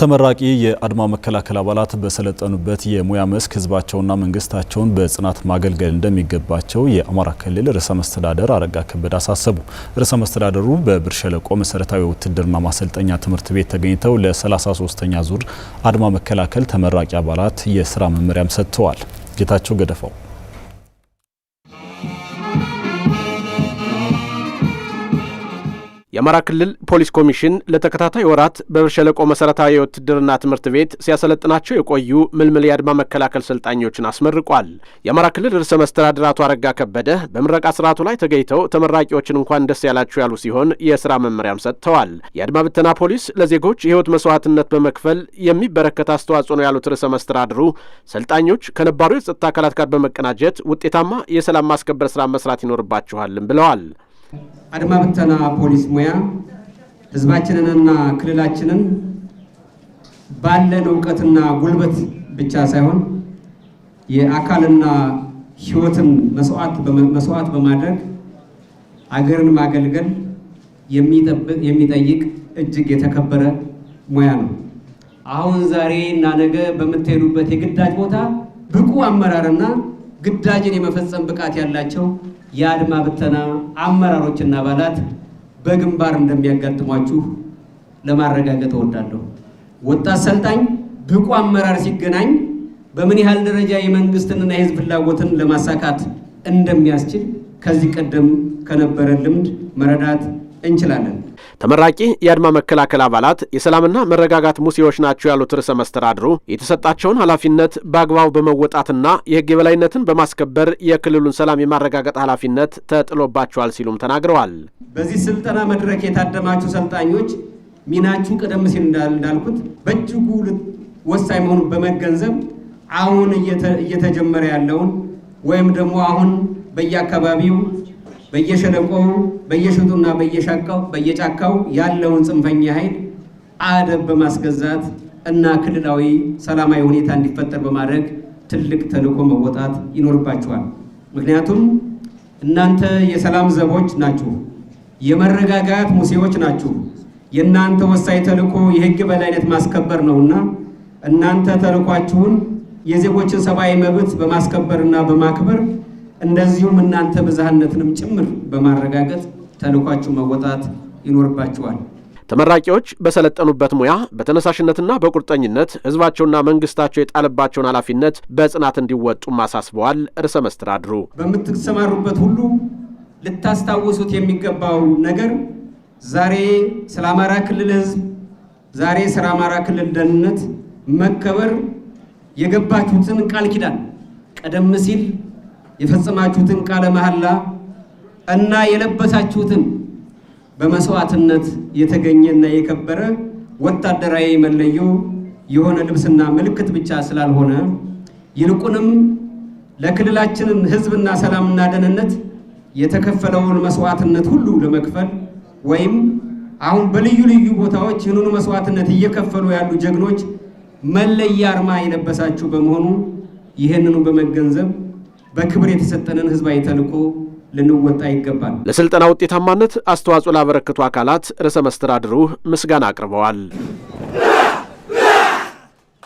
ተመራቂ የአድማ መከላከል አባላት በሰለጠኑበት የሙያ መስክ ህዝባቸውና መንግስታቸውን በጽናት ማገልገል እንደሚገባቸው የአማራ ክልል ርዕሰ መስተዳደር አረጋ ከበደ አሳሰቡ። ርዕሰ መስተዳደሩ በብር ሸለቆ መሰረታዊ ውትድርና ማሰልጠኛ ትምህርት ቤት ተገኝተው ለ33ኛ ዙር አድማ መከላከል ተመራቂ አባላት የስራ መመሪያም ሰጥተዋል። ጌታቸው ገደፈው የአማራ ክልል ፖሊስ ኮሚሽን ለተከታታይ ወራት በሸለቆ መሰረታዊ የውትድርና ትምህርት ቤት ሲያሰለጥናቸው የቆዩ ምልምል የአድማ መከላከል ሰልጣኞችን አስመርቋል። የአማራ ክልል ርዕሰ መስተዳድር አቶ አረጋ ከበደ በምረቃ ስርዓቱ ላይ ተገኝተው ተመራቂዎችን እንኳን ደስ ያላችሁ ያሉ ሲሆን የስራ መመሪያም ሰጥተዋል። የአድማ ብተና ፖሊስ ለዜጎች የህይወት መስዋዕትነት በመክፈል የሚበረከት አስተዋጽኦ ነው ያሉት ርዕሰ መስተዳድሩ ሰልጣኞች ከነባሩ የጸጥታ አካላት ጋር በመቀናጀት ውጤታማ የሰላም ማስከበር ስራ መስራት ይኖርባችኋልም ብለዋል። አድማ ብተና ፖሊስ ሙያ ህዝባችንንና ክልላችንን ባለን እውቀትና ጉልበት ብቻ ሳይሆን የአካልና ህይወትን መስዋዕት በማድረግ አገርን ማገልገል የሚጠይቅ እጅግ የተከበረ ሙያ ነው። አሁን ዛሬ እና ነገ በምትሄዱበት የግዳጅ ቦታ ብቁ አመራርና ግዳጅን የመፈጸም ብቃት ያላቸው የአድማ ብተና አመራሮችና አባላት በግንባር እንደሚያጋጥሟችሁ ለማረጋገጥ እወዳለሁ። ወጣት ሰልጣኝ ብቁ አመራር ሲገናኝ በምን ያህል ደረጃ የመንግስትንና የህዝብ ፍላጎትን ለማሳካት እንደሚያስችል ከዚህ ቀደም ከነበረ ልምድ መረዳት እንችላለን። ተመራቂ የአድማ መከላከል አባላት የሰላምና መረጋጋት ሙሴዎች ናቸው ያሉት ርዕሰ መስተዳድሩ የተሰጣቸውን ኃላፊነት በአግባቡ በመወጣትና የህግ የበላይነትን በማስከበር የክልሉን ሰላም የማረጋገጥ ኃላፊነት ተጥሎባቸዋል ሲሉም ተናግረዋል። በዚህ ስልጠና መድረክ የታደማችሁ ሰልጣኞች ሚናችሁ ቀደም ሲል እንዳልኩት በእጅጉ ወሳኝ መሆኑን በመገንዘብ አሁን እየተጀመረ ያለውን ወይም ደግሞ አሁን በየአካባቢው በየሸለቆው በየሸጡና በየሻካው በየጫካው ያለውን ጽንፈኛ ኃይል አደብ በማስገዛት እና ክልላዊ ሰላማዊ ሁኔታ እንዲፈጠር በማድረግ ትልቅ ተልዕኮ መወጣት ይኖርባችኋል። ምክንያቱም እናንተ የሰላም ዘቦች ናችሁ፣ የመረጋጋት ሙሴዎች ናችሁ። የእናንተ ወሳኝ ተልዕኮ የህግ በላይነት ማስከበር ነውና እናንተ ተልዕኳችሁን የዜጎችን ሰብአዊ መብት በማስከበርና በማክበር እንደዚሁም እናንተ ብዝሃነትንም ጭምር በማረጋገጥ ተልኳችሁ መወጣት ይኖርባችኋል። ተመራቂዎች በሰለጠኑበት ሙያ በተነሳሽነትና በቁርጠኝነት ህዝባቸውና መንግስታቸው የጣለባቸውን ኃላፊነት በጽናት እንዲወጡም አሳስበዋል። ርዕሰ መስተዳድሩ በምትሰማሩበት ሁሉ ልታስታውሱት የሚገባው ነገር ዛሬ ስለ አማራ ክልል ህዝብ፣ ዛሬ ስለ አማራ ክልል ደህንነት መከበር የገባችሁትን ቃል ኪዳን ቀደም ሲል የፈጸማችሁትን ቃለ መሐላ እና የለበሳችሁትን በመስዋዕትነት የተገኘና የከበረ ወታደራዊ መለዮ የሆነ ልብስና ምልክት ብቻ ስላልሆነ ይልቁንም ለክልላችንን ሕዝብና ሰላምና ደህንነት የተከፈለውን መስዋዕትነት ሁሉ ለመክፈል ወይም አሁን በልዩ ልዩ ቦታዎች ይህንኑ መስዋዕትነት እየከፈሉ ያሉ ጀግኖች መለያ አርማ የለበሳችሁ በመሆኑ ይህንኑ በመገንዘብ በክብር የተሰጠንን ህዝባዊ ተልዕኮ ልንወጣ ይገባል። ለስልጠና ውጤታማነት አስተዋጽኦ ላበረከቱ አካላት ርዕሰ መስተዳድሩ ምስጋና አቅርበዋል።